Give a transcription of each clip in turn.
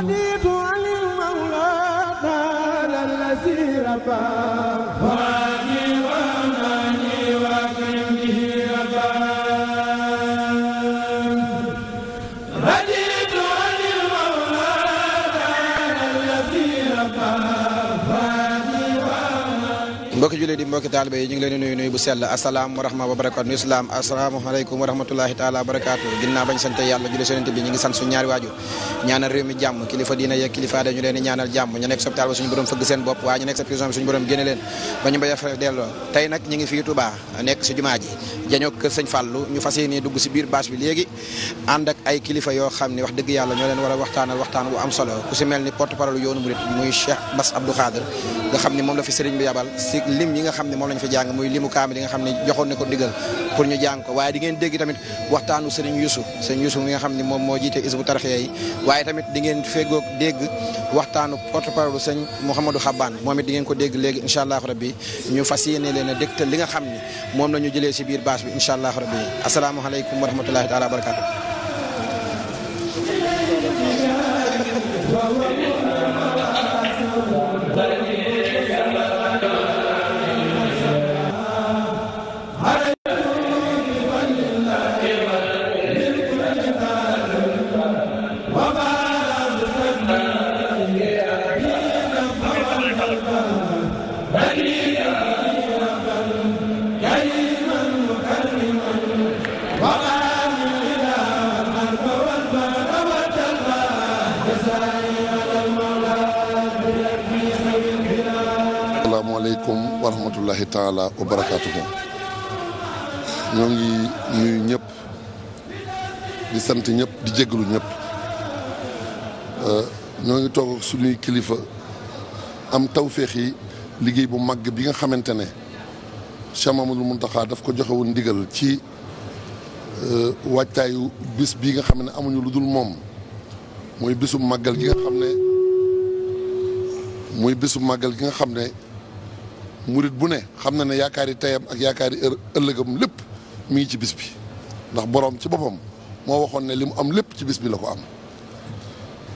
رضيت عن المولى قال الذي رباه jullit ngi leen di wa rahma wa barakaatu nu islaam wa rahmatulahi taala wa barakaatu ñaari waajur ñaanal réew mi jàmm kilifa diina yeeg kilifa de ñu leen ñaanal jàmm ñu nekk ba suñu borom fëgg seen bopp waaye ñu nekk sa prison bi suñu borom génne leen ba ñu mbéja fa delloo tey nag ñu ngi fii Touba nekk si jumaa ji jañoo kër sëñ Fallou ñu fas yéene dugg si biir bâche bi léegi ànd ak ay kilifa yoo xam ne wax dëgg yàlla ñoo leen war a waxtaanal waxtaan bu am solo ku si mel ni porte parole yoonu lim yi nga xam ne moom lañ fa jàng muy limu kaamil yi nga xam ne joxoon na ko ndigal pour ñu jàng ko waaye di dégg tamit waxtaanu sëriñ Yuusu sëriñ Yuusu nga xam ne moom moo jiite isbu tarxiya yi waaye tamit di ngeen feggoog dégg waxtaanu porte parole sëñ Mouhamadou Xabaan moom it di ngeen ko dégg léegi incha allahu rabbi ñu fas yéene leen a dégtal li nga xam ni moom la ñu jëlee si biir baas bi incha allahu rabbi asalaamaaleykum wa rahmatullahi taala wa barakatu rahmatullahi taala wa barakaatuhu ñoo ngi nuyu ñëpp di sant ñëpp di jégalu ñëpp euh, ñoo ngi toog ak suñuy kilifa am tawféex liggéey bu màgg bi nga xamante ne Cheikh Mamadou Muntaxa daf ko joxe ndigal ci euh, wàccaayu bis bi nga xam ne amuñu lu dul moom mooy bisu màggal gi nga xam ne mooy bisu màggal gi nga xam ne murit bu ne xam na ne yaakaar yaakaari teyam ak yaakaari ëllëgam lépp mi ngi ci bis bi ndax boroom ci boppam moo waxoon ne li mu am lépp ci bis bi la ko am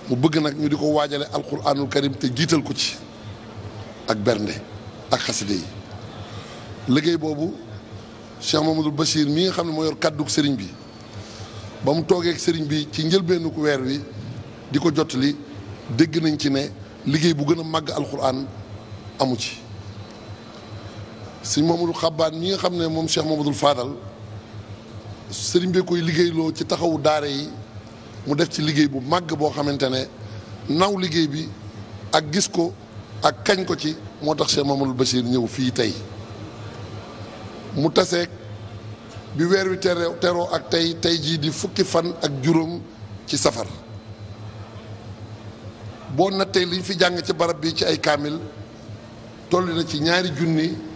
mu bëgg nag ñu di ko waajale alquranul karim te jiital ko ci ak bernde ak xaside yi liggéey boobu Cheikh Mamadou Bachir mi nga xam ne moo yor kàdduk sëriñ bi ba mu toogee sëriñ bi ci njëlbeenu ku weer wi di ko jottali dégg nañ ci ne liggéey bu gën a màgg alquran amu ci si Mamadou Xabbaan mi nga xam ne moom Cheikh Mamadou Fadal sëriñ bi koy liggéeyloo ci taxawu daare yi mu def ci liggéey bu màgg boo xamante ne naw liggéey bi ak gis ko ak kañ ko ci moo tax Cheikh Mamadou Bachir ñëw fii tey mu taseeg bi weer wi teroo ak tey tey jii di fukki fan ak juróom ci safar boo nattee liñ fi jàng ci barab bi ci ay kaamil toll na ci ñaari junni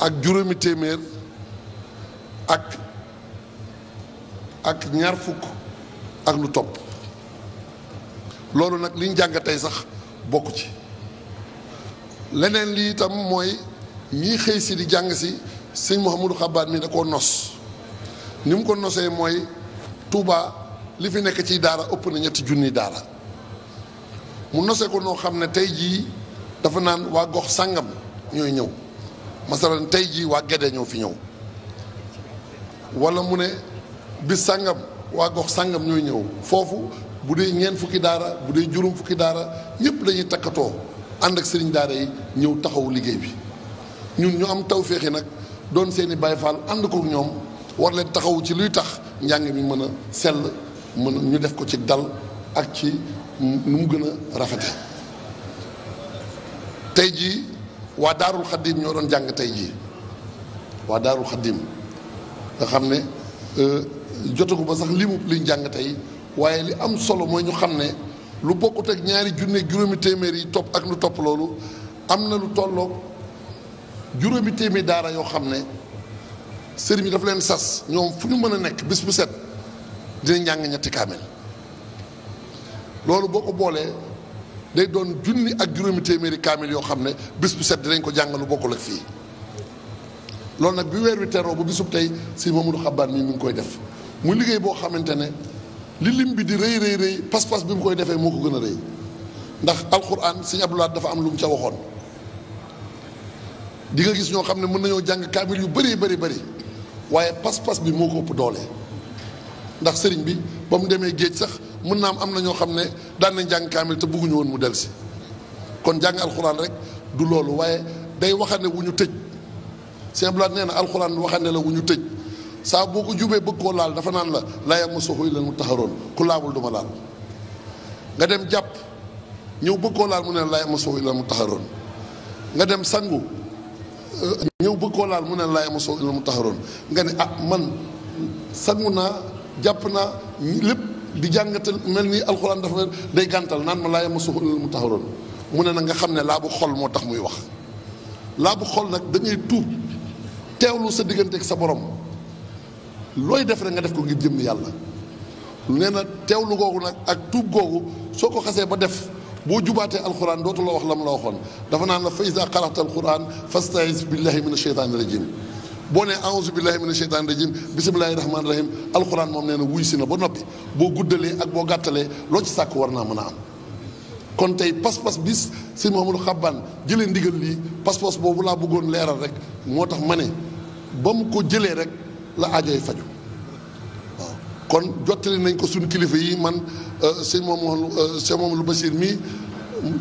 ak juróomi téeméer ak ak ñaar fukk ak lu topp loolu nag liñ jàng tey sax bokk ci leneen lii itam mooy ñii xëy si di jàng si sëñ Mouhamadou Xabaat mi da koo nos ni mu ko nosee mooy Touba li fi nekk ci daara ëpp na ñetti junni daara mu nose ko noo xam ne tey jii dafa naan waa gox sàngam ñooy ñëw masalan tey jii waa Guédé ñoo fi ñëw wala mu ne bis sàngam waa gox sàngam ñooy ñëw foofu bu dee ñeent fukki daara bu dee juróom fukki daara ñëpp dañuy takkatoo ànd ak sëriñ daara yi ñëw taxawu liggéey bi ñun ñu am taw féexi nag doon seeni i Baay Faal ànd ko ñoom war leen taxawu ci luy tax njàng mi mën a sell mën ñu def ko ci dal ak ci nu mu gën a rafete tey jii waa daarul xaddim ñoo doon jàng tey jii waa daarul xaddim nga xam ne euh, jotagu ba sax limu liñ jàng tey waaye li am solo mooy ñu xam ne lu bokkut ak ñaari junne juróomi téeméer yi topp ak lu topp loolu am na lu tolloog juróomi téeméer daara yoo xam ne sëriñ daf leen sas ñoom fu ñu mën a nekk bis bu set dina njàng ñetti kaamel loolu boo ko boolee day doon junni ak juróomi téeméeri kaamil yoo xam ne bis bu set dinañ ko jàngalu bokkul ak fii loolu nag bi weer wi teroo ba bisub tey si Mamadou Xabbaan mii mi ngi koy def mu liggéey boo xamante ne li lim bi di rëy rëy rëy pas-pas bi mu koy defee moo ko gën a rëy ndax alxuraan sëñ Abdou Lahad dafa am lu mu ca waxoon di nga gis ñoo xam ne mën nañoo jàng kaamil yu bëri bëri bëri waaye pas-pas bi moo ko ëpp doole ndax sëriñ bi ba mu demee géej sax mën naa am am na ñoo xam ne daan nañ kaamil te bëgguñu woon mu del si kon jàng alxuraan rek du loolu waaye day waxande wu ñu tëj Cheikh Blanc nee na alxuraan waxande la wu ñu tëj saa boo ko jubee bëgg koo laal dafa naan la laa yamassuhu illal mutahharuun ku laabul du laal nga dem jàpp ñëw bëgg koo laal mu ne la laa yamassuhu mu taxaroon nga dem sangu euh, ñëw bëgg koo laal mu ne la laa yamassuhu mu mutahharuun nga ne ah man sangu naa jàpp naa lépp. di jàngatal mel ni alxuraan dafa day gàntal naan ma laa yamassuhu illal mutahharuun mu ne na nga xam ne laa bu xol moo tax muy wax laa bu xol nag da tuub tuub teewlu sa digganteeg sa borom looy def rek nga def ko ngir jëm yàlla nee na teewlu googu nag ak tuub googu soo ko xasee ba def boo jubaatee alxuraan dootu la wax la mu la waxoon dafa naan la fa iza qara'ta alxuraan fasta'iz billahi mina shaytaani rajim boo nee aouzu billahi mina sheytaani rajim bisimilahi rahmaani rahim alxuraan moom nee na wuy si na ba noppi boo guddalee ak boo gàttalee loo ci sàkk war naa mën a am kon tey pas-pas bis si Mouhamadou Xabbaan jëlee ndigal lii pas-pas boobu laa bëggoon leeral rek moo tax ma ne ba mu ko jëlee rek la aajoy faju waaw kon jottali nañ ko suñu kilifa yi man si moom sëñ moom lu Basiir mii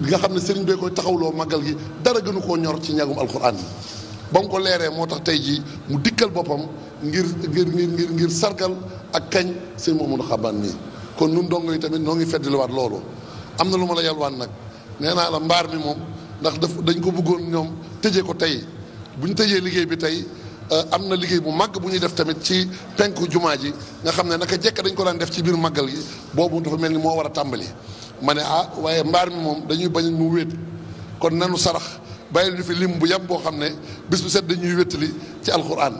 nga xam ne sëriñ bee koy taxawloo màggal gi dara gënu koo ñor ci ñàggum alxuraan yi ba mu ko leeree moo tax tey jii mu dikkal boppam ngir ngir ngir ngir sargal ak kañ sëñ a Xabaan nii kon nun dongo yi tamit noo ngi feddaliwaat loolu am na lu ma la yalwaan nag nee naa mbaar mi moom ndax daf dañ ko bëggoon ñoom tëjee ko tey bu ñu tëjee liggéey bi tey euh, am na liggéey bu màgg bu ñuy def tamit ci penku jumaa ji nga xam ne naka jekk dañ ko daan def ci biir màggal gi boobu dafa mel ni moo war a tàmbali ma ne ah waaye mbaar mi moom dañuy bañ mu wéet kon nanu sarax bàyyil ñu fi lim bu yàpp boo xam ne bis bu set dañuy wéttali ci alxuraan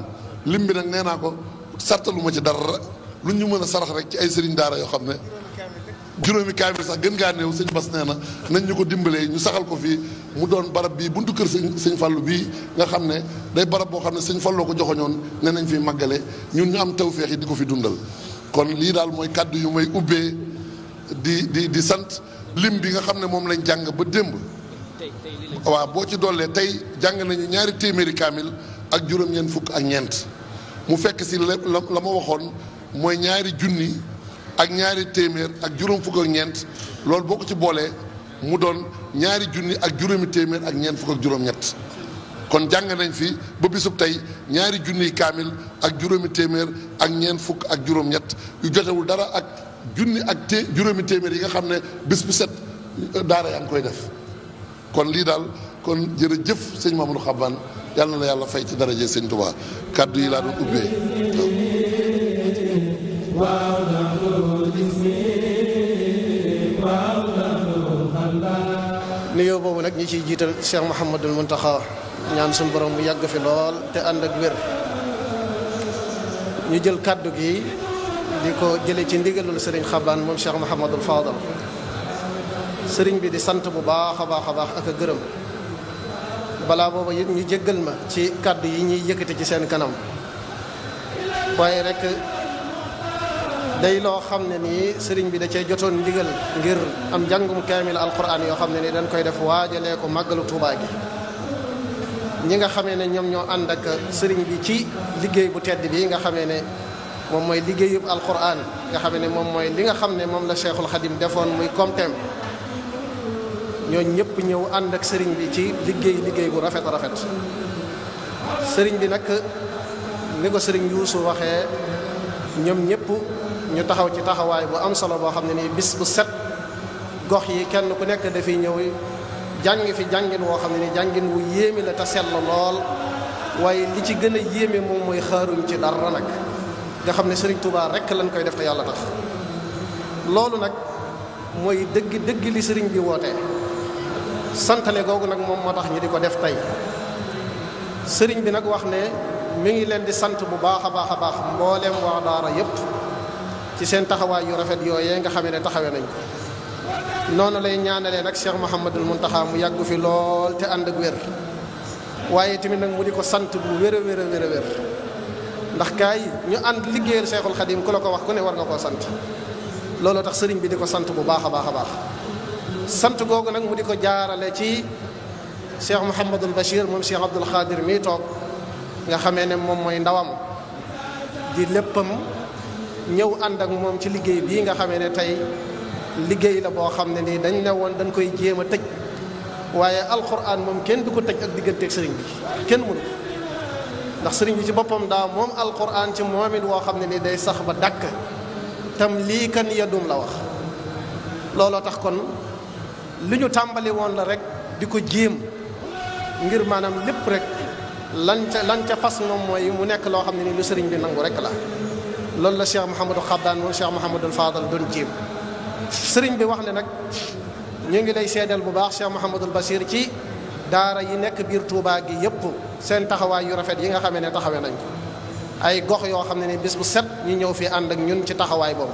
lim bi nag nee naa ko sartalu ma ci dara lu ñu mën a sarax rek ci ay sëriñ daara yoo xam ne juróomi kaamil sax gën ngaa néew sëñ bas nee na nañ ñu ko dimbalee ñu saxal ko fii mu doon barab bii buntu kër sëñ sëñ fàllu bii nga xam ne day barab boo xam ne sëñ fàlloo ko joxoñoon ne nañ fi màggale ñun ñu am tawféex yi di ko fi dundal kon lii daal mooy kàddu yu may ubbee di di di sant lim bi nga xam ne moom lañ jàng ba démb waaw boo ci dollee tey jàng nañu ñaari téeméeri kaamil ak juróom-ñeent fukk ak ñeent mu fekk si la la ma waxoon mooy ñaari junni ak ñaari téeméer ak juróom fukk ak ñeent loolu boo ko ci boolee mu doon ñaari junni ak juróomi ak ñeent fukk ak juróom kon jàng nañ fi ba bisub tey ñaari junniy kaamil ak juróomi téeméer ak ñeent fukk ak juróom-ñett yu jotewul dara ak junni ak té juróomi téeméer yi nga xam ne bis bu set daara koy def kon lii daal kon jërëjëf sëñ Mamadou Xaban yàlla na la yàlla fay ci daraje sëñ Tuubaa kàddu yi laa doon ubbee nuyoo boobu nag ñi ciy jiital Cheikh Mouhamadul Mountakha ñaan suñu borom mu yàgg fi lool te ànd ak wér ñu jël kàddu gi di ko jële ci ndigalul Serigne Xaban moom Cheikh Mouhamadul Fadal sëriñ bi di sant bu baax a baax a baax ak a gërëm balaa boobu it ñu jéggal ma ci kàddu yi ñuy yëkkati ci seen kanam waaye rek day loo xam ne nii sëriñ bi da cee jotoon ndigal ngir am njàngum kaamil alquran yoo xam ne nii dañ koy def waajalee ko màggalu Tuubaa gi ñi nga xamee ne ñoom ñoo ànd ak sëriñ bi ci liggéey bu tedd bi nga xam ne moom mooy liggéeyub alquran nga xamee ne moom mooy li nga xam ne moom la Cheikhul Xadim defoon muy comteem ñooñ ñëpp ñëw ànd ak sëriñ bi ci liggéey liggéey bu rafet rafet sëriñ bi nag ni ko sëriñ Yuusu waxee ñoom ñëpp ñu taxaw ci taxawaay bu am solo boo xam ne nii bis bu set gox yi kenn ku nekk dafiy ñëw jàngi fi jàngin woo xam ne nii jàngin wu yéeme la te sell lool waaye li ci gën a yéeme moom mooy xaaruñ ci dara nag nga xam ne sëriñ Touba rekk lañ koy def te yàlla tax loolu nag mooy dëgg dëgg li sëriñ bi wootee santale googu nag moom moo tax ñi di ko def tey sëriñ bi nag wax ne mu ngi leen di sant bu baax a baax a baax mbooleem waa daara yépp ci seen taxawaay yu rafet yooyee nga xamee ne taxawee nañ noonu lay ñaanalee nag Cheikh Mouhamadul Mountakha mu yàggu fi lool te ànd waaye tamit nag mu di ko sant bu wér ndax gaa yi ñu ànd liggéeyal Cheikhul Khadim ku la ko wax ne war nga koo sant looloo tax sëriñ bi di ko sant bu baax a baax a baax. sant googu nag mu di ko jaarale ci cheikh Mouhamadul Bachir moom cheikh Abdoul Khadir mii toog nga xamee ne moom mooy ndawam di léppam ñëw ànd ak moom ci liggéey bii nga xamee ne tey liggéey la boo xam ne nii dañ ne woon dañ koy jéem a tëj waaye alquran moom kenn du ko tëj ak digganteeg sëriñ bi kenn mënu ndax sëriñ bi ci boppam daa moom alquran ci moom woo xam ne nii day sax ba dàkk tam lii kan yadum la wax looloo tax kon. li ñu tàmbali woon la rek di ko jéem ngir maanaam lépp rek lan ca lan ca fas moom mooy mu nekk loo xam ne ni lu sëriñ bi nangu rek la loolu la Cheikh Mouhamadou Xabdaan moom Cheikh Mouhamadou Fadal doon jiim sëriñ bi wax ne nag ñu ngi lay seedeel bu baax Cheikh Mouhamadou Bachir ci daara yi nekk biir Touba gi yëpp seen taxawaay yu rafet yi nga xamee ne taxawee nañ ay gox yoo xam ne ni bis bu set ñu ñëw fi ànd ak ñun ci taxawaay boobu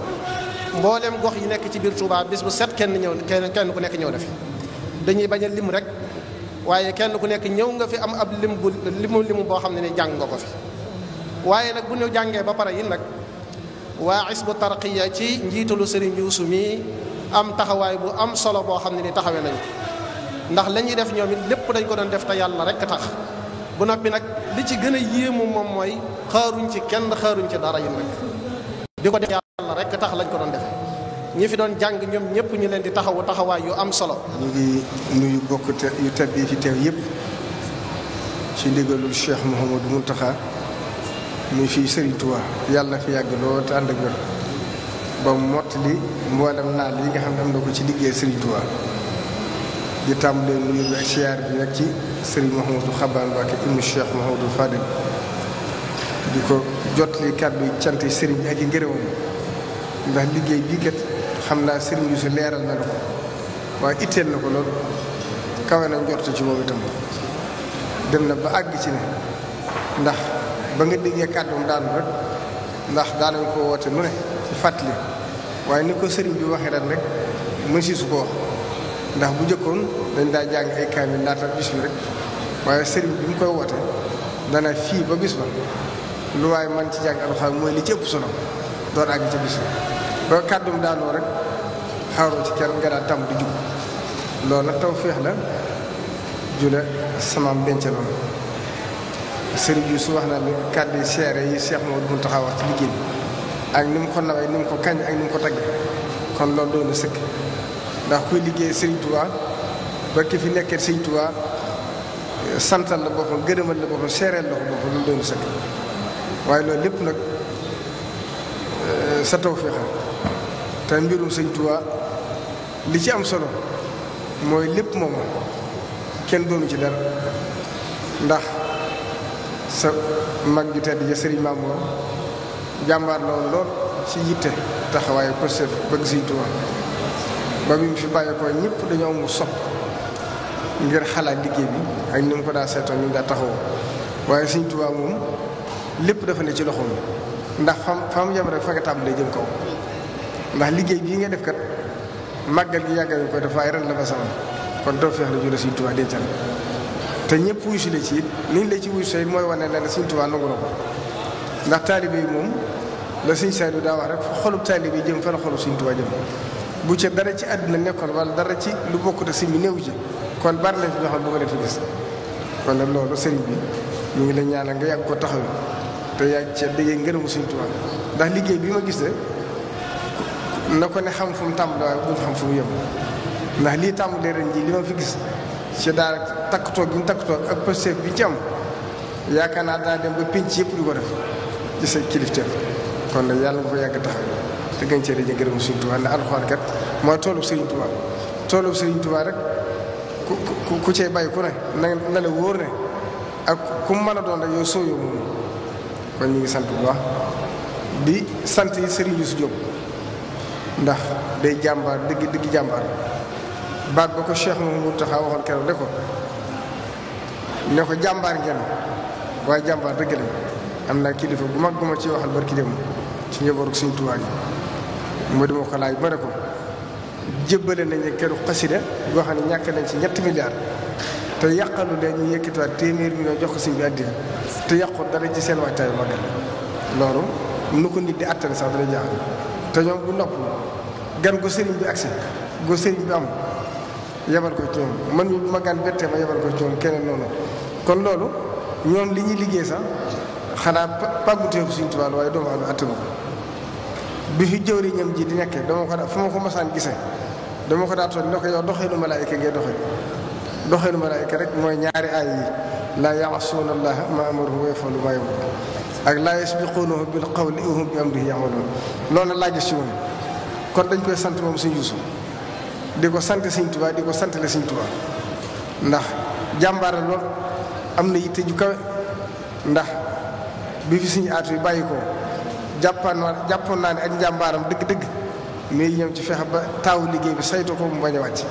mboolem gox yi nekk ci biir Touba bis bu set kenn ñëw kenn kenn ku nekk ñëw na fi dañuy bañ a lim rek waaye kenn ku nekk ñëw nga fi am ab lim bu limu limu boo xam ne ne jàng nga ko fi waaye nag bu ñu jàngee ba pare yi nag waa ci njiitalu Serigne Youssou mi am taxawaay bu am solo boo xam ne ni taxawe nañu ndax lañuy def ñoom it lépp dañ ko doon def te yàlla rek tax bu noppi nag li ci gën a yéemu moom mooy xaaruñ ci kenn xaaruñ ci dara yi nag di ko def yàlla rek tax lañ ko doon defe ñi fi doon jàng ñoom ñëpp ñu leen di taxawu taxawaay yu am solo. ñu ngi nuyu bokk yu tedd yi fi teew yëpp ci ndigalul Cheikh Mouhamadou Mountakha mu fii Serigne Touba yàlla fi yàgg lool te ànd ak wér ba mottali mboolem naal yi nga xam ne am na ko ci liggéey Serigne di tàmbalee nuyu bi ak siyaar bi nag ci Serigne Mouhamadou Xabaan Mbacké ibnu Cheikh Mouhamadou Fadil di cant Serigne ak i ngërëmam. ndax liggéey bii kat xam naa sëriñ bi si leeral na la ko waaye itteel na ko lool kawe na njortu ci moom itam dem na ba àgg ci ne ndax ba nga déggee kàddoom daanu rek ndax daanañ ko woote nu ne ci fàttali waaye ni ko sëriñ bi waxee ren rek mësi su ko wax ndax bu jëkkoon dañ daa jàng ay kaamil laata bis bi rek waaye sëriñ bi mu koy woote dana fii ba bis ba lu waaye man ci jàng alxames mooy li ci ëpp solo doon àgg ca bis bi ba kàddum daanoo rek xaaroo ci kenn nga daal tàmm di jub loolu nag tawféex la jula samaam dencaloon sëriñ su wax naa ne kàddu seere yi Seex Mamadu Muntaxa wax ci liggéey bi ak ni mu ko nawee ni mu ko kañ ak ni mu ko tagge kon loolu doon na sëkk ndax kuy liggéey sëriñ Tuubaa ba ki fi nekkee sëriñ Tuubaa santal la boppam gërëmal la boppam seereel la ko boppam lu mu doon sëkk waaye loolu lépp nag sa tawféex te mbirum sëñ Tuubaa li ci am solo mooy lépp moom kenn doonu ci dara ndax sa mag ju tedd ja sëriñ Maam Mor jàmbaar lool ci yitte taxawaayu pëstéef bëgg sëñ Tuubaa ba bi mu fi bàyyi ko ñëpp dañoo amul sopp ngir xalaat liggéey bi ak ni mu ko daa seetoon ñu daa taxawoo waaye sëñ Tuubaa moom lépp dafa ne ci loxoom ndax fam fam yem rek fa nga tàmbalee jëm kaw ndax liggéey bii nga def kat màggal gi yàgg nañ ko def waaye ren la ba kon doo feex la ñu la Sëriñ Tuubaa dencal te ñëpp wuyu la ci it la ci wuyu si mooy wane ne la Sëriñ Tuubaa nangu ndax taalibe yi moom la siñ Saliou daa wax rek fa xolub taalibe yi jëm fa la xolub Sëriñ jëm bu ca dara ci àdduna nekkoon wala dara ci lu bokk te si mi néew kon bari na fi ñoo xam bu ma def gis kon nag loolu sëriñ bi ñu ngi la ñaanal nga yàgg ko taxaw te yàgg ca déggee ngërëmu Sëriñ Tuubaa liggéey bi ma gis na ko ne xam fu mu tàmbalee waaye xam fu mu yem ndax lii tàmbalee ren ji li ma fi gis ci daal takkutoo gi ñu takkutoo ak pësteef bi ci am naa daa dem ba pinc yëpp di ko def ci sa kilifteef kon nag yàlla nga ko yàgg tax te gën cee dañuy gërëm Sëriñ Tuubaa ndax alxuraan kat mooy toolu Sëriñ Tuubaa toolu rek ku ku ku cee na na la wóor ne ak ku mu mën a doon rek yow soo mu moom kon ñu ngi sant bu di sant yi Sëriñ ndax day jàmbaar dëgg dëgg jàmbaar baat ba ko Cheikh Mouhamadou Mountakha waxoon keroog ne ko ne ko jàmbaar ngeen waaye jàmbaar dëgg lañ am naa kilifa bu mag bu ma ci waxal barki dem ci njabootu suñu tubaab yi mu ko laaj ma ne ko jébbale nañu këru xasida goo xam ne ñàkk nañ ci ñetti milliards te yàqalu de ñu yëkkatiwaat téeméer bi ngay jox ko suñ bi àddiya te yàqu dara ci seen waajtaayu magal loolu nu ko nit di àttale sax dana jaaxal te ñoom bu nopp gan gu sëriñ bi agsi gu sëriñ bi am yebal ko ci ñoom man mi bu ma gan bettee ma yebal ko ci ñoom keneen noonu kon loolu ñoom li ñuy liggéey sax xanaa pàgguteeku suñu tubaab waaye doomu aadama attanu ko bi fi jëwriñam ji di nekkee dama ko daa fu ma ko mosaan gisee dama ko daa toog ne ko yow doxeenu malaayika ngay doxe doxeenu malaayika rek mooy ñaari aay yi laa yaasuuna allaha ma amaruhu wa yafalu ma yamur ak laa yasbiquunahu bil qawli wa hum bi amrihi ya'maluun loolu na gis si woon kon dañ koy sant moom Sëñ Yuusu di ko sant si Tuubaa di ko santale Sëñ ndax jàmbaare lool am na yitte ju kawe ndax bi fi suñu aat yi bàyyi ko jàppaan jàppoon naa ne ak njàmbaaram dëgg-dëgg mais ñoom ci fexe ba taawu liggéey bi saytoo ko mu bañ a wàcc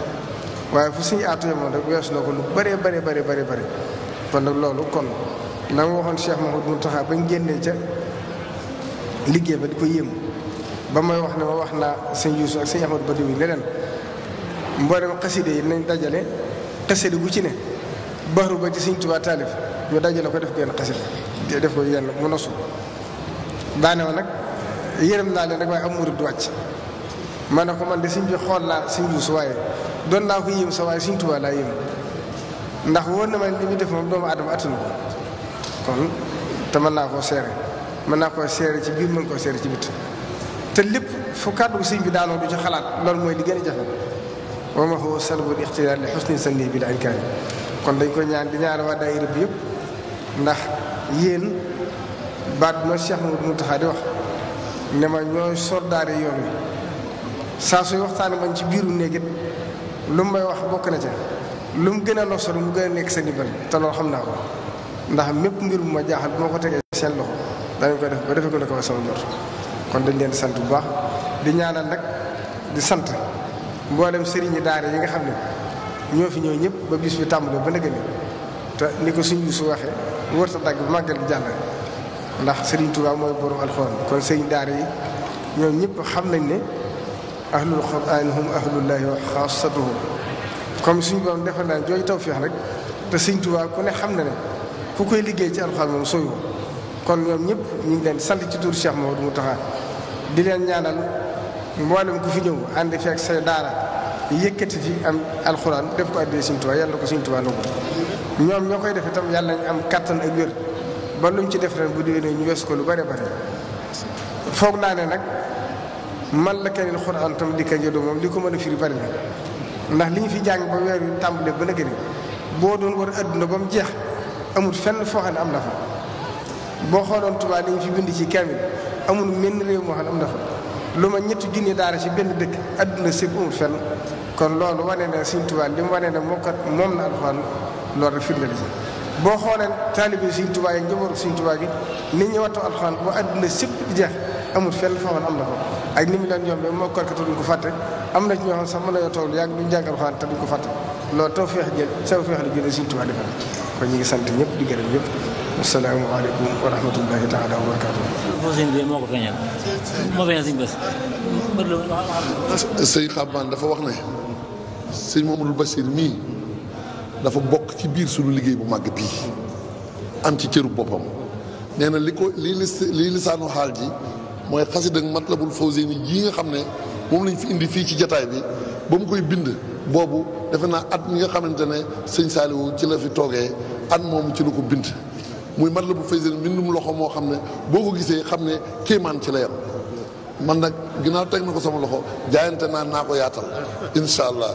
waaye fu suñu aatu yemoon rek weesu na ko lu bëree bare bare bare bëri kon nag loolu kon la ma waxoon Cheikh Mahmoud Mountakha bañ génnee ca liggéey ba di ko yéem ba may wax ne ma wax naa sëñ Yuusu ak sëñ Ahmadu Badawi ne nañ dajale xaside gu ci ne baxru ba ci sëñ Tuubaa taalif ñu ko def ko yenn xaside te def ko yenn mu nosu daane woon nag yërëm naa rek waaye am du wàcc ma ne ko man de sëñ bi xool naa sëñ waaye doon naa ko yéem sa waaye sëñ Tuubaa laa yéem ndax woo na ma li muy def moom doomu aadama attanu ko kon te mën naa koo seere mën naa koo seere ci biir mën koo seere ci bit te lépp fu kàddu sëñ bi daanoo du ci xalaat loolu mooy li gën a jafe wa ma huwa salbul ixtiyaar li xusni sanni bi kon dañ ko ñaan di ñaari waa daayira bi yëpp ndax yéen baat bi ma Cheikh Mouhamadou di wax ne ma ñooy soldaare yoon wi saa suy waxtaanee man ci biiru néeg it lu mu may wax bokk na ca lu mu gën a losol mu gën a nekk sa ndimbal te loolu xam naa ko ndax mépp mbir mu ma jaaxal bu ma ko tegee seen loxo danañ ko def ba defee ko la ko sama jot kon dañ leen sant bu baax di ñaanal nag di sant mboolem sëriñi daara yi nga xam ne ñoo fi ñëw ñëpp ba bis bi tàmbalee ba nëgëni te ni ko suñu su waxee wër sa dagg bi màggal gi jàll ndax sëriñ tubaab mooy borom alxuraan kon sëriñ daara yi ñoom ñëpp xam nañ ni ne ahlul quraan hum ahlullahi wa xaasatuhu comme suñu borom defal naa jooju tawfeex rek te sëriñ Tuubaa ku xam na ne ku koy liggéey ci alxuraan moom sooyu kon ñoom ñëpp ñu ngi leen sant ci tur Cheikh Maodo Mountakha di leen ñaanal mboolem ku fi ñëw ànd feeg say daara yëkkati fi am alxuraan def ko addee Sëriñ yàlla ko Sëriñ Tuubaa nangu ñoo koy def itam yàlla ñu am kattan ak wér ba ci def ren bu déwénee ñu wees ko lu bare bare foog naa ne nag man la keneen xuraan tam di ko njëdoo moom li ko mën a firi bari na ndax li ñu fi jàng ba weer wi tàmbalee ba nëgëni boo doon war a adduna ba mu jeex. amul fenn foo xam ne am na fa boo xooloon Tuubaa li ñu fi bind ci kaamil amul menn réew moo xam ne am na fa lu ma ñetti junni daara ci benn dëkk adduna sépp amul fenn kon loolu wane na Sëriñ Tuubaa li mu ne moo ko moom la alxuraan loolu rek firnde boo xoolee taalibe Sëriñ Tuubaa yi njabootu Sëriñ gi nit ñi wattu alxuraan ba adduna sépp jeex amul fenn foo xam ne am na fa ak ni mu leen yombee moo korkatu duñ ko fàtte am na ci ñoo xam sax mën nañoo toog lu yàgg duñ jàng alxuraan te duñ ko fàtte loolu taw feex jël taw feex la jëlee Sëriñ Tuubaa defal ko ñu ngi sant ñëpp di gërëm ñëpp. asalaamaaleykum wa dafa wax ne sëñ Mamadou Bassir mii dafa bokk ci biir suñu liggéey bu màgg bii am ci cëru boppam nee na li ko lii li lii lisaanu xaal ji mooy xasida ak Matlabul Fawzeyni yi nga xam ne moom lañ fi indi fii ci jataay bi ba mu koy bind. boobu defe naa at mi nga xamante ne sëñ Saliou ci la fi toogee at moom ci la ko bind muy mat la bu fay seen mbindum loxo moo xam ne boo ko gisee xam ne kéemaan ci la yam man nag ginnaaw teg na ko sama loxo jaayante naa ko yaatal incha allah.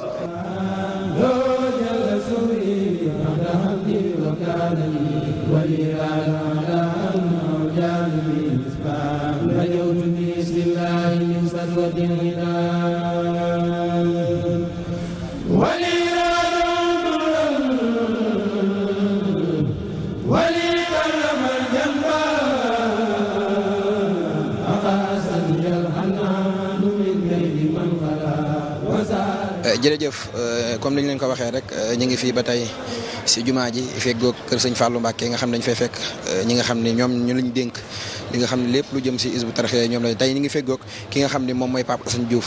jërëjëf euh, comme ni leen ko waxee rek euh, ñu ngi fii ba tey si jumaa ji feggoog kër sëñ Fallou Mbacke nga xam ne dañu fay fekk euh, ñi nga xam ne ñoom ñu lañ dénk li nga xam ne lépp lu si Hizbut ñu ngi feggoog ki nga xam moom mooy Pape ko ñett yoo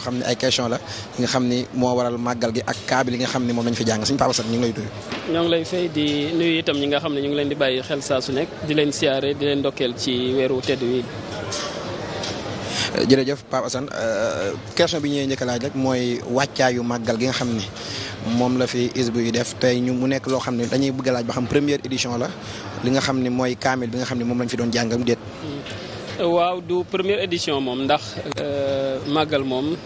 xam ne ay ni moo waral màggal gi ak kaa moom lañ fi jàng sëñ ñu ngi lay ñi nga xam ne ñu leen di bàyyi xel saa su nekk di leen siyaare di leen ndokkeel ci weeru tedd wi jërëjëf Pape Assane euh, question bi ñuy njëkk laaj rek mooy wàccaayu màggal gi nga xam ni moom la fi isbu yu def tey ñu mu nekk loo xam ne dañuy bëgg a laaj ba xam première édition la li nga xam ni mooy kaamil bi nga xam ne moom lañ fi doon jàngam déet. waaw du première édition moom ndax euh, màggal moom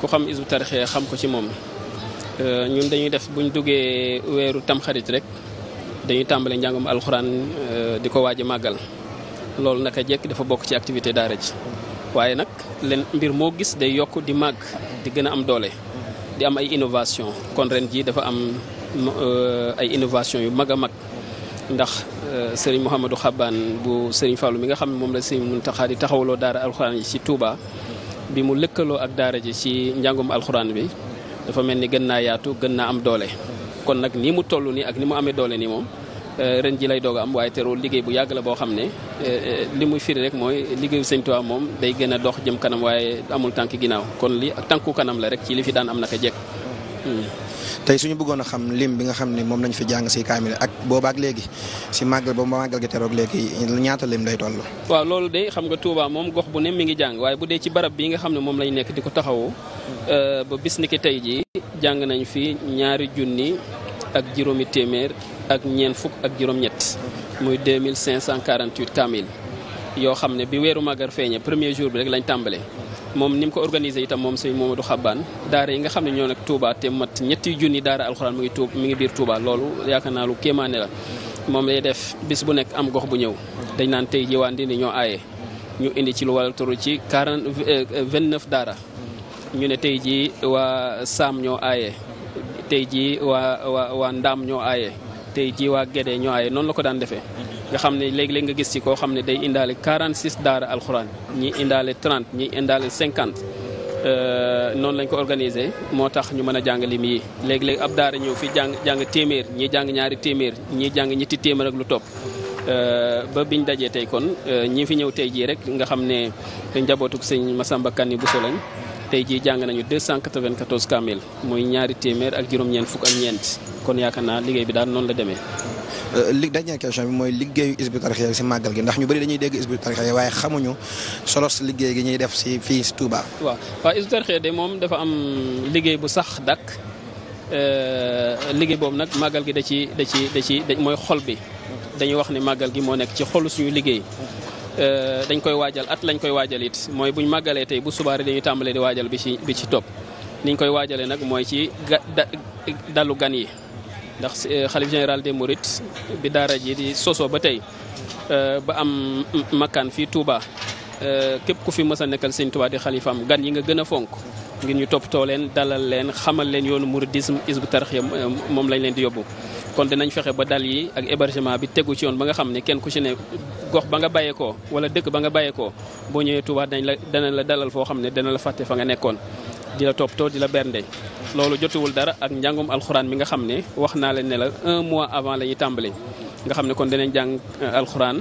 ku xam isbu tarixee xam ko ci moom euh, ñun dañuy def buñ duggee weeru tamxarit rek dañuy tàmbale njàngum alxuraan di ko waaj a màggal loolu naka jekk dafa bokk ci activité daara ji waaye nag leen mbir moo gis day yokk di màgg di gën a am doole di am ay innovation kon ren jii dafa am euh, ay innovation yu mag a mag ndax euh, sëriñ Mouhamadou Xabaan bu sëriñ Fallou mi nga xam ne moom la sëriñ Muntaxa di taxawaloo daara alxuraan yi ci Touba bi mu lëkkaloo ak daara ji ci njàngum alxuraan bi dafa mel ni gën naa yaatu gën naa am doole kon nag nii mu toll nii ak ni mu amee doole nii moom Euh, ren ji lay doog a am waaye terewul liggéey bu yàgg la boo xam ne euh, euh, li muy firi rek mooy liggéeyu Sëñ Tuubaa moom day gën a dox jëm kanam waaye amul tànk ginnaaw kon li ak tànku kanam la rek ci li fi daan am naka jekk. Hmm. tey suñu bëggoon a xam lim bi nga xam ne moom lañ fi jàng si kaamil ak boobaak léegi si màggal ba màggal gi teroog léegi ñaata lim day toll. waaw loolu de xam nga Touba moom gox bu ne mi ngi jàng waaye bu dee ci barab bi nga xam ne moom lañ nekk di ko taxawu ba bis ni ki tey ji jàng nañ fi ñaari junni ak juróomi téeméer ak ñeent fukk ak juróom-ñett muy 2548 kaamil yoo xam ne bi weeru magar feeñee premier jour bi rek lañ tàmbale moom ni mu ko organisé itam moom moom sëñ Momadou Xabbaan daara yi nga xam ne ñoo nag Touba te mat ñetti junni daara alxuraan mu ngi tuub mi ngi biir Touba loolu yaakaar naa lu kéemaane la moom lay def bis bu nekk am gox bu ñëw dañ naan tey jii waa Ndindi ñoo aaye ñu indi ci lu wàllu turu ci 40 29 daara ñu ne tey jii waa Saam ñoo aaye tey jii waa waa waa ndaam ñoo aaye tey jii waa Gédé ñoo aaye noonu la ko daan defee nga xam ne léeg-léeg nga gis ci koo xam ne day indaale 46 daara alxuraan ñi indaale 30 ñi indaale cinquante euh, noonu lañ ko organisé moo tax ñu mën a jàng lim yi léeg-léeg ab daara ñëw fi jàng jàng téeméer ñi jàng ñaari téeméer ñi jàng ñetti téeméer ak lu topp euh, ba biñ dajee tey kon euh, ñi fi ñëw tey jii rek nga xam ne njabootuk sëñ Masamba Kanni bu lañ tey jii jàng nañu 294 kaamil muy ñaari téeméer ak juróom-ñeent fukk ak ñeent kon yaakaar naa liggéey bi daal noon la demee. Euh, li dernière question bi mooy liggéeyu Hizbut Tarqiyyah si màggal gi ndax ñu bëri dañuy dégg Hizbut Tarqiyyah waaye xamuñu solos liggéey gi ñuy def si fii si Touba. waaw waaw Hizbut Tarqiyyah de moom dafa am liggéey bu sax dakk euh, liggéey boobu nag màggal gi da ci da ci da ci mooy xol bi dañuy wax ne màggal gi moo nekk ci xolu suñu liggéey. Euh, dañ koy waajal at lañ koy waajal it mooy buñ màggalee tey bu subaaree dañuy tàmbalee di waajal bi ci bi ci topp niñ koy waajalee nag mooy ci dalu gan yi ndax euh, xalif général des Mourides bi daara ji di sosoo ba tey euh, ba am makkaan fii Touba Euh, képp ku fi mës a nekkal sëñ Tuubaa di xalifaam gan yi nga gën a fonk ngir ñu topp too leen dalal leen xamal leen yoonu mouridisme isbu tarxiya euh, moom lañ leen di yóbbu kon dinañ fexe ba dal yi ak hébergement bi tegu ci yoon ba nga xam ne kenn ku ci ne gox ba nga bàyyeekoo wala dëkk ba nga bàyyeekoo boo ñëwee Tuubaa dañ la dana la dalal foo xam ne dana la fàtte fa nga nekkoon di la toppatoo di la bernde loolu jotiwul dara ak njàngum alxuraan mi nga xam ne wax naa leen ne la un avant la ñuy tàmbali nga xam ne kon dinañ jàng euh, alxuraan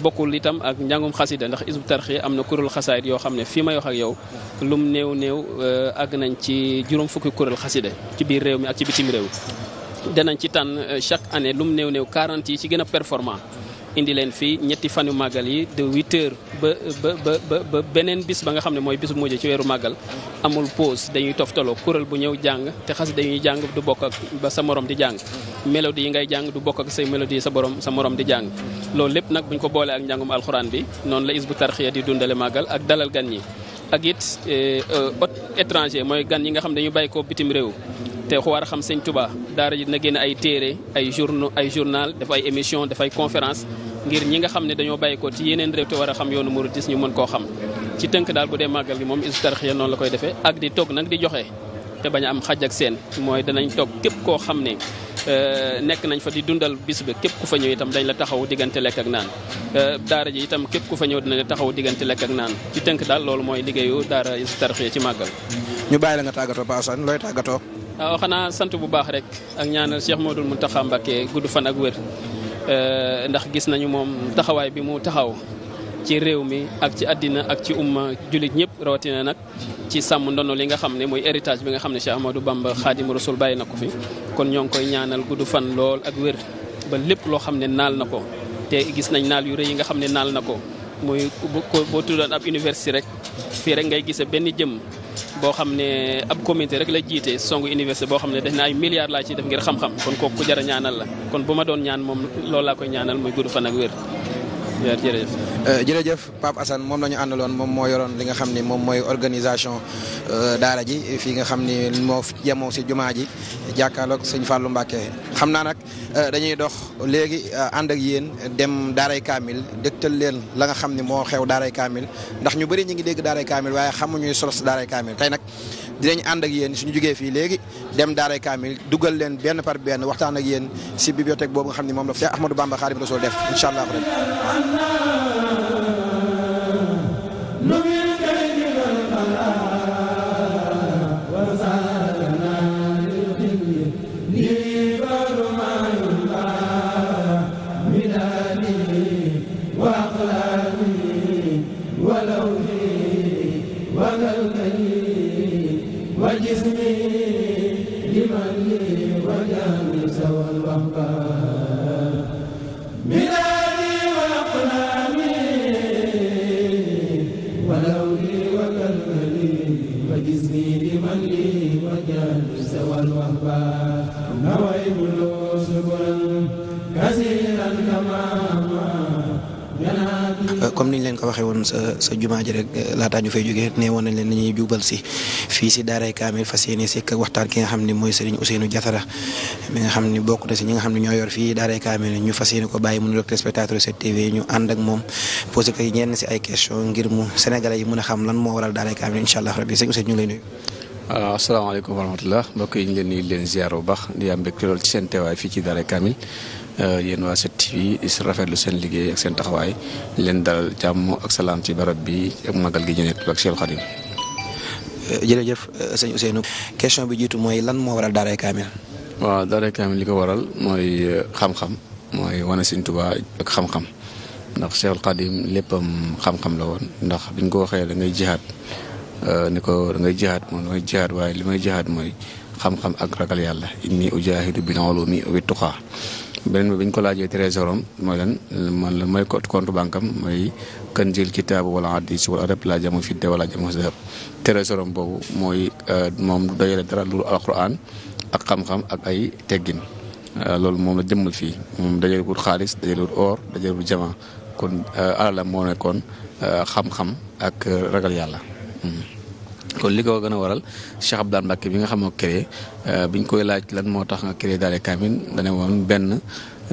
bokkul itam ak njàngum xasida ndax isbu tarxi am na kuréel xasaayit yoo xam ne fii ma wax ak yow lum néew néew euh, àgg nañ ci juróom fukki kuréel xasida ci biir réew mi ak ci bitim réew danañ ci tànn euh, chaque année lum néew new 40 yi ci gën a performant indi leen fii ñetti fanu màggal yi de huit heures ba ba ba ba beneen bis ba nga xam ne mooy bis bu mujj ci weeru màggal amul pause dañuy toftaloo kuréel bu ñëw jàng te xas dañuy jàng du bokk ak ba sa morom di jàng mélodie yi ngay jàng bokk ak say mélodie sa borom sa morom di jàng loolu lépp nag buñ ko boolee ak njàngum alxuraan bi noonu la bu Hizbut Tarqiyyah di dundale màggal ak dalal gan ñi ak it eh, euh, étranger mooy gan yi nga xam ne dañu bàyyi ko bitim réew te ku war a xam sëñ Touba daara ji dina génne ay téere ay journaux ay journal def ay émission def ay conférence ngir ñi nga xam ne dañoo bàyyi ko ci yeneen réew te war a xam yoonu muridis ñu mën koo xam ci tënk daal bu dee màggal gi moom istarx ya noonu la koy defee ak di toog nag di joxe te bañ am xaj ak seen mooy danañ toog képp koo xam ne euh, nekk nañ fa di dundal bis képp ku fa ñëw itam dañ la taxaw diggante lekk ak naan euh, daara ji itam képp ku fa ñëw dinañ la taxaw diggante lekk naan ci tënk daal loolu mooy liggéeyu daara istarx ya ci màggal. ñu bàyyi nga tàggatoo Pa Assane tàggatoo Ah, waaw xanaa sant bu baax rek ak ñaanal Cheikh Modou Mountakha Mbacké gudd fan ak wér eh, ndax gis nañu moom taxawaay bi mu taxaw ci réew mi ak ci àddina ak ci umma jullit ñëpp rawatina nag ci sàmm ndono li nga xam ne mooy héritage bi nga xam ne si Ahmadou Bamba Xaadimu Rasul bàyyi na ko fi kon ñoo ngi koy ñaanal gudd fan lool ak wér ba lépp loo xam ne naal na ko te gis nañ naal yu rëy yi nga xam ne naal na ko muy boo tuddoon ab université rek fii rek ngay gise benn jëm boo xam ne ab comité rek la jiite songu université boo xam ne def na ay milliards laa ciy def ngir xam-xam kon kooku ku jar a ñaanal la kon bu ma doon ñaan moom loolu laa koy ñaanal muy gudd fan ak wér. jërëjëf euh, jërëjëf Pape Assane moom la ñu àndaloon moom moo yoroon li nga xam ni moom mooy organisation euh, daara ji fii nga xam ni moo yemoo si jumaa ji jàkkaarloog sëñ Fallou Mbacke xam naa nag euh, dañuy dox léegi ànd ak yéen dem daaray kaamil dégtal leen la nga xam ni moo xew daaray kaamil ndax ñu bari ñu ngi dégg daaray kaamil waaye xamuñuy solos daaray kaamil tey nag dinañ ànd ak yéen suñu jógee fii léegi dem daaray kaamil dugal leen benn par benn waxtaan ak yéen si bibliothèque boobu nga xam ne moom la Cheikh Ahmadou Bamba Xaadimu Rasuul def incha allah sa jumaa ji rek eh, laataa ñu fay jógee nee woon nañ leen nañuy jubal si fii si daaray kaamil fas yéene si ak waxtaan ki nga xam ne mooy sëriñ Ousseynou Diathara mi nga xam ne bokk na si ñi nga xam ne ñoo yor fii daaray kaamil ñu fas yéene ko bàyyi mu nuyoog téléspectateur 7TV ñu ànd ak moom posé ko ñenn si ay question ngir mu sénégalais yi mën a xam lan moo waral daaray kaamil incha allah rabbi sëñ Ousseynou ñu ngi lay nuyu waaw ah, asalaamaaleykum warahmatullah mbokk yi ñu leen nuyu leen ziar bu baax di am mbégte lool ci seen teewaay fii ci daaray kaamil Euh, yéen waa 7TV di rafetlu seen liggéey ak seen taxawaay leen dal jàmm ak salaam ci barab bi ak magal gi ñu nekk ak Cheikh Khadim. Euh, euh, question bi jiitu mooy lan moo waral Daaray Kaamil. waaw Daaray Kaamil li ko waral mooy xam-xam mooy wane Sëñ Tuubaa ak xam-xam ndax Cheikh Khadim léppam xam-xam la woon ndax biñ ko waxee dangay ngay jihaat ni ko dangay ngay jihaat moom da jihaat waaye li may jihaat mooy xam-xam ak ragal yàlla inni ujaahidu bil ulumi wa tuqaa beneen bi bi ñu ko laajee trésor am mooy lan man la mooy compte banque am mooy kanzil kitaabu wala hadis wala adab laa jamu fidde wala jamu zahab trésor am boobu mooy euh, moom doyale dara lu alquran ak xam-xam ak ay teggin euh, loolu moom la jëmmal fii moom dajalewul xaalis dajalewul or dajalewul jama kon euh, alalam moo nekkoon xam-xam ak ragal yàlla. Hmm. kon li ko gën a waral Cheikh Abdou Mbacke bi nga xam moo créé euh, biñ koy laaj lan moo tax nga créé daale Kamil dana woon benn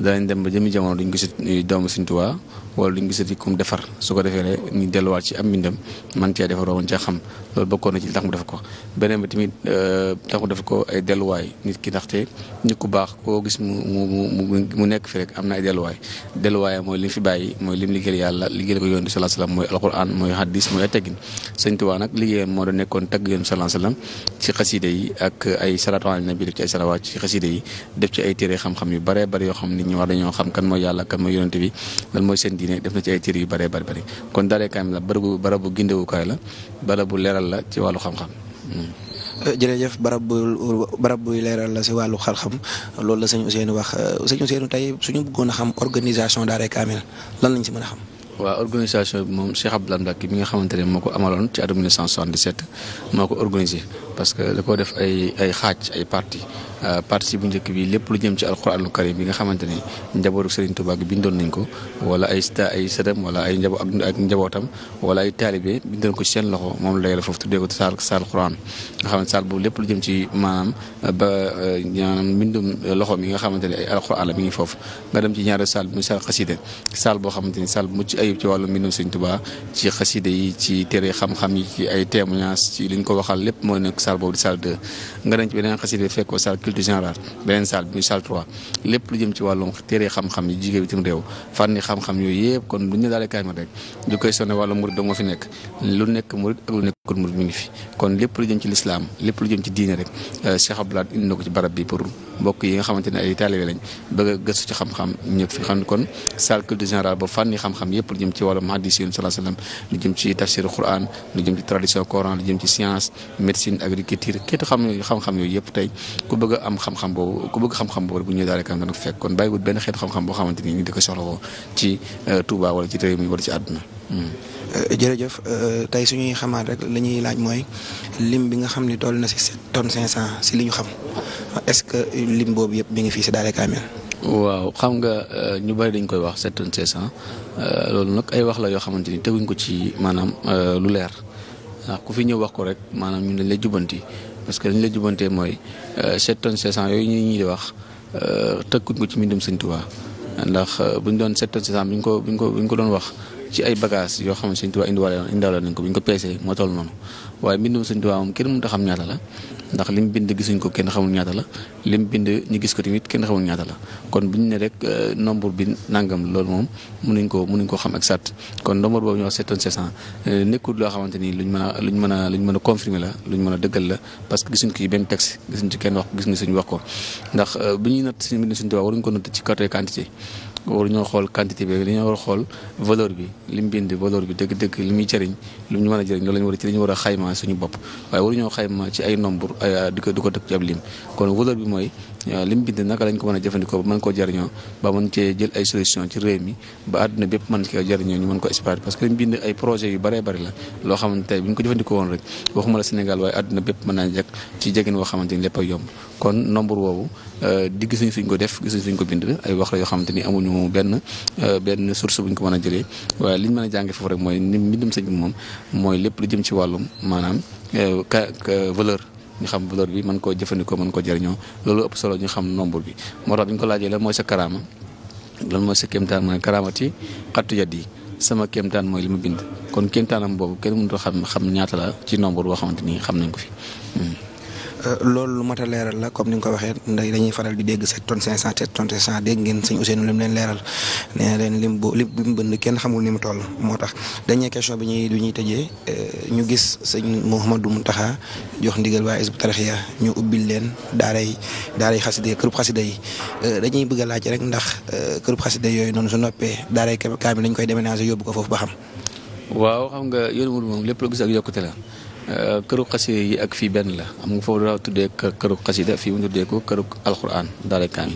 danañ dem ba jëmi jamono duñ gis doomu Sëñ Tuubaa wala duñ gisati kum defar su ko defee rek ñu delluwaat ci am mbindam man cee defar woon a xam loolu bokkoon na ci tax mu def ko beneen bi tamit euh, tax mu def ko ay delluwaay nit ki ndaxte nit ku baax koo gis mu mu mu mu nekk fi rek am na ay delluwaay delluwaay mooy li fi bàyyi mooy lim liggéeyal yàlla liggéeyal ko yoon bi salaa salaam mooy alquran mooy hadis mooy ay teggin sëñ Tuubaa nag liggéeyam moo doon nekkoon tagg yoon bi salaa salaam ci xaside yi ak ay salaatu ala nabi def yi def ay téere xam-xam yu bare bare yoo xam nit ñi war dañoo xam kan mooy yàlla kan mooy yonente diine def na ci ay téere yu bëree bëri bëri kon daaray kaamil la barabu barabu gindewukaay la barabu leeral la ci wàllu xam-xam. Euh, jërëjëf barab bu barab buy leeral la si wàllu xarxam loolu la sëñ Ousseynou wax euh, sëñ Ousseynou tey suñu bëggoon a xam organisation daaray kaamil lan lañ si mën a xam. waaw organisation bi moom Cheikh Abdoulaye Mbacke mi nga xamante ne moo ko amaloon ci atum 1977 moo ko organisé parce que da koo def ay xaaj ay parti Euh, partie bu njëkk bi lépp lu jëm ci alxuraanul karim bi nga xamante ni njabootu Serigne Touba gi bindoon nañ ko wala ay sta ay sëtam wala ay njabo ak njabootam wala ay taalibe bindoon ko ci seen loxo moom la yàlla foofu tuddee ko saal saal xuraan nga xam lépp lu jëm ci maanaam euh, ba maanaam euh, mbindum loxo mi nga xamante ne ay alxuraan la mi ngi foofu nga ci ñaari saal bi muy saal xaside saal boo xamante ni saal bu mucc ayib ci wàllu mbindum Serigne Touba ci xaside yi ci téere xam-xam yi ci ay témoignage ci liñ ko waxal lépp mooy nekk saal boobu nga dem ci beneen xaside fekk saal culture générale beneen salle bi muy salle 3 lépp lu jëm ci wàllum téere xam-xam yi jigéen bitim réew fànni xam-xam yooyu yëpp kon lu nekk murid ak lu nekkul murid mi ngi fi lu jëm euh, ci barab bi pour mbokk yi nga xamante ne ay taalibe lañ bëgg a gëstu ci xam-xam ñëw fi xam kon salle culture générale ba fànni xam-xam yëpp lu jëm ci wàllum hadis yi sallallahu alayhi wasallam lu jëm ci tafsir Quran lu jëm ci tradition coran lu jëm ci science médecine agriculture kéetu xam xam yooyu yëpp tey am xam-xam boobu ku bëgg xam-xam boobu bu ñëwee daara kanam dana ko fekk kon bàyyiwut benn xeetu xam-xam boo xamante ni ñu di ko soxlawoo ci euh, Touba wala ci réew mi wala ci àdduna. Hmm. Euh, jërëjëf euh, tey suñuy xamaat rek li ñuy laaj mooy lim bi nga xam ni toll na si sept tonnes cinq cent si li ñu xam est-ce que lim boobu yëpp mi ngi fii si Daara Kamil xam nga ñu bari dañ koy wax sept tonnes cinq cent nag ay wax la yoo xamante ni teguñ ko ci maanaam lu leer ndax ku fi ñëw wax ko rek maanaam ñu dañ lay jubbanti. parce que dañu la jubantee mooy 7 euh, tonnes 500 yooyu ñu ñuy di wax euh, tëkkuñ ko ci mbindum Sëñ Tuubaa ndax euh, ñu doon 7 tonnes 500 buñ ko buñ ko buñ ko doon wax ci ay bagages yoo xam ne Sëñ Tuubaa indiwaale indiwaale ko bu ñu ko peesee moo toll noonu waaye mbindum Sëñ Tuubaa moom kenn mënut a xam ñaata la ndax lim bind ko kenn xamul ñaata la lim bind ñu gis ko tamit kenn xamul ñaata la kon bu ne rek euh, nombre bi nangam loolu moom mënuñ ko mënuñ ko xam exact kon nombre boobu ñu wax 7700 euh, nekkul loo xamante ni luñ mën a luñ mën a luñ mën a confirmer la luñ mën a dëggal la parce que gisuñ ko ci benn texte gisuñ ci kenn wax gisuñ suñu wax ko ndax euh, bu ñuy natt suñu mbindum Sëñ Tuubaa waruñ ko natt ci côté quantité war ñoo xool quantité bi li ñoo war a xool valeur bi li mu bind valeur bi dëgg dëkk li muy jëriñ lu mu ñu mën a jëriñ loolu la ñu war a ci la ñu war a xayma suñu bopp waaye waruñoo xayma ci ay nombre di ko di ko def ci ab lim kon valeur bi mooy li euh, lim bind naka lañ ko mën a jëfandikoo ba mën koo jariñoo ba mën cee jël ay solution ci réew mi ba àdduna bépp mën ci jariñoo ñu mën ko espérer parce que li mu bind ay projets yu bëree bëri la loo xamante tey bu ñu ko jëfandikoo woon rek waxuma la Sénégal waaye àdduna bépp mën naa jag ci jegin woo xamante ni lépp a yomb kon nombre woowu euh, di gis nañ fi ñu ko def gis nañ ñu ko bind ay wax la yoo xamante ni amuñu benn euh, benn source bu ko mën a jëlee liñ mën a jànge foofu rek mooy ni mbindum sëñ moom mooy lépp lu jëm ci wàllum maanaam ka valeur ñu xam valeur bi man koo jëfandikoo mën ko jëriñoo loolu ëpp solo ñu xam nombre bi moo tax bi ñu ko laajee lan mooy sa karaama lan mooy sa kéemtaan mooy karaamati xattu yat yi sama kéemtaan mooy li ma bind kon kéemtaanam boobu kenn mënut a xam xam ñaata la ci nombre boo xamante nii xam nañ ko fi. Hmm. Euh, loolu lu mat a leeral la comme ni nga ko waxee nday dañuy faral di dégg sept tonnes cinq cent sept tonnes cinq cent dégg ngeen sëñ Ousseynou lim leen leeral nee na leen lim bu lim bi kenn xamul ni mu toll moo tax dañuy question bi ñuy du ñuy tëjee euh, ñu gis sëñ Mouhamadou Mountakha jox ndigal waa Hizbut ñu ubbil leen daaray daaray xasida kërub xasida yi euh, dañuy bëgg a laaj rek ndax kërub xasida yooyu noonu su noppee daaray kaamil dañ koy déménager yóbbu ko foofu ba xam waaw xam nga yoonu moom lépp lu gis yokkute la Euh, këru xasida yi ak fii benn la am nga foofu daa tuddee këru xasida fii mu tuddee ko këru alxuraan daara kaamil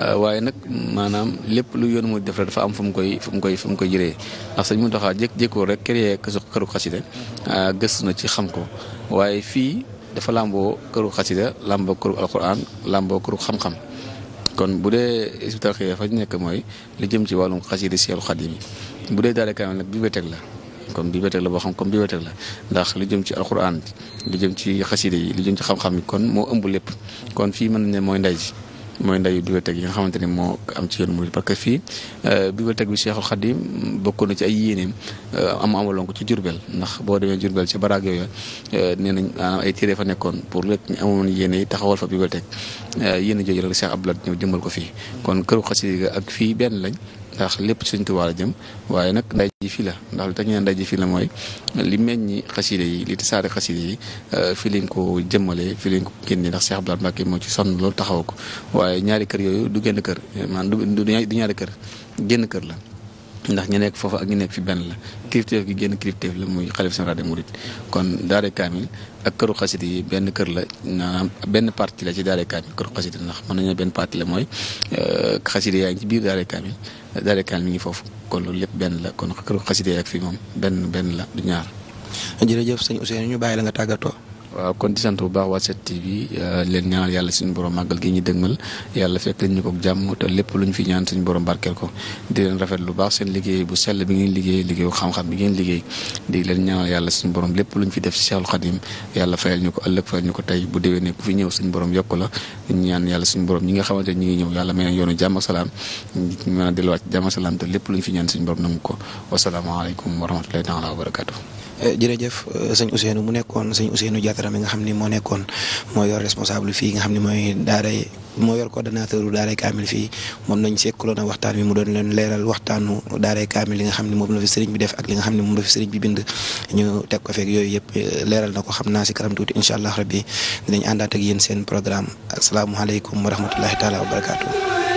euh, waaye nag maanaam lépp lu yoon mu def rek dafa am fu mu koy fu mu koy fu mu koy jëree ndax sëñ Muntaxa jékk jékkoo rek créé këru xasida euh, gëstu na ci xam ko waaye fii dafa làmboo këru xasida làmboo këru alxuraan lamboo këru xam-xam kon bu dee Hizbut Tarqiyyah fa ñu nekk mooy li jëm ci wàllum xasida Seexul Xadiim bu dee daara kaamil nag bibliothèque la comme bibliothèque la boo xam comme bibliothèque la ndax lu jëm ci alquran lu jëm ci xasida yi lu jëm ci xam-xam yi kon moo ëmb lépp kon fii mën ne mooy ndey ji mooy ndeyu bibliothèque yi nga xamante ne moo am ci yoonu murid parce que fii euh, bibliothèque bi Cheikhul Khadim bokkoon na ci ay yéeneem euh, am amaloon ci Jurbel ndax boo demee Jurbel ci baraag yooyu euh, nee nañ ay téere fa nekkoon pour lépp ñu amoon yéene yi taxawal fa bibliothèque yéene jooju rek ab Abdoulaye ñëw jëmmal ko fii kon këru xasida ak fii benn lañ ndax lépp Sëriñ Tuubaa a jëm waaye nag nday ji fii la ndax li tax ñu ne nday ji fii la mooy li meññi xaside yi li tasaare xaside yi euh, fii lañ ko jëmmalee fii lañ ko génnee ndax Cheikh Abdoulaye Mbacké moo ci sonn loolu taxaw ko waaye ñaari kër yooyu du génn kër maanaam du ñaari kër génn kër la ndax ñu nekk foofu ak ñu nekk fi benn la kilifteef gi génn kilifteef la muy xalif général des mourides kon daare kaamil ak këru xasit yi benn kër la maanaam benn partie la ci daare kaamil këru xasida ndax mën nañu benn partie la mooy euh, xasida yaa ngi ci biir daare kaamil daare kaamil mi ngi foofu kon loolu yëpp benn la kon këru xasida yi ak fi moom benn benn la du ñaar jërëjëf sëñ Ousseynou ñu bàyyi la nga tàggatoo waaw kon di sant bu baax waa 7TV euh, leen ñaanal yàlla suñu borom màggal gi ñu dëgmal yàlla fekk lañ ñu ko jàmm te lépp luñ fi ñaan suñu borom ko di leen rafet lu baax seen liggéey bu sell bi ngeen liggéey liggéeyu xam bi ngeen liggéey di leen ñaanal yàlla suñu borom lépp luñ fi def si Seexul Xadim yàlla fayal ñu ko ëllëg ñu ko tey bu déwénee ku fi ñëw suñu borom yokk la ñaan yàlla suñu borom ñi nga xamante ñi ngi ñëw yàlla may yoonu jàmm ak salaam mën a delluwaat jàmm ak salaam te lépp luñ fi ñaan suñu borom nangu ko wasalaamaaleykum wa rahmatullahi taala wa barakatuh Eh, jërëjëf eh, sëñ Ousseynou mu nekkoon sëñ Ousseynou Diatara mi nga xam ni moo nekkoon moo yor responsable fii nga xam ni mooy daaray moo yor coordonnateur u daaray kaamil fii moom nañ sekkaloon a waxtaan wi mu doon leen leeral waxtaanu daaray kaamil li nga xam ni moom la fi sëriñ bi ak li nga xam ni moom la fi sëriñ bi bind ñu teg ko feek yooyu yëpp eh, leeral na ko xam naa si kanam tuuti incha allah rabbi dinañ àndaat ak yéen seen programme asalaamualeykum wa rahmatullahi taala wa barakaatu